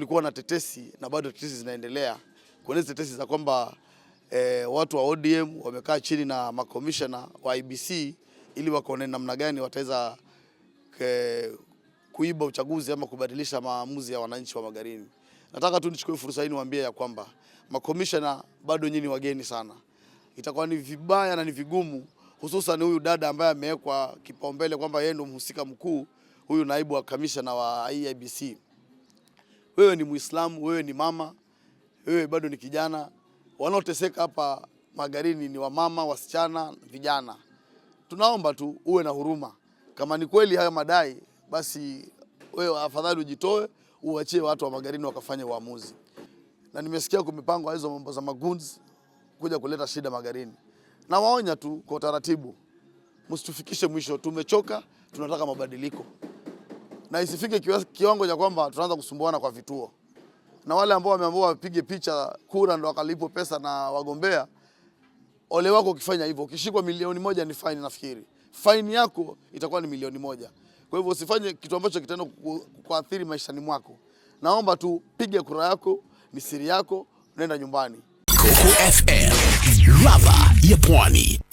kulikuwa na tetesi na bado tetesi zinaendelea kuna tetesi za kwamba e, watu wa ODM wamekaa chini na makomishana wa IBC ili wakaone namna gani wataweza eh, kuiba uchaguzi ama kubadilisha maamuzi ya wananchi wa Magarini. Nataka tu nichukue fursa hii niwaambie ya kwamba makomishana, bado nyinyi wageni sana, itakuwa ni vibaya na ni vigumu, hususan huyu dada ambaye amewekwa kipaumbele kwamba yeye ndio mhusika mkuu, huyu naibu wa kamishna wa IEBC wewe ni Muislamu, wewe ni mama, wewe bado ni kijana. Wanaoteseka hapa Magarini ni wamama, wasichana, vijana. Tunaomba tu uwe na huruma. Kama ni kweli haya madai, basi wewe afadhali ujitoe, uachie watu wa Magarini wakafanye uamuzi. Na nimesikia kumepangwa hizo mambo za magunzi kuja kuleta shida Magarini. Na waonya tu kwa utaratibu, msitufikishe mwisho. Tumechoka, tunataka mabadiliko na isifike kiwango cha kwamba tunaanza kusumbuana kwa vituo, na wale ambao wameambiwa wapige picha kura ndo wakalipo pesa na wagombea. Ole wako ukifanya hivyo, ukishikwa milioni moja ni faini, nafikiri faini yako itakuwa ni milioni moja. Kwa hivyo usifanye kitu ambacho kitaenda kuathiri maishani mwako. Naomba tu piga kura yako, ni siri yako, nenda nyumbani. Coco FM, ladha ya Pwani.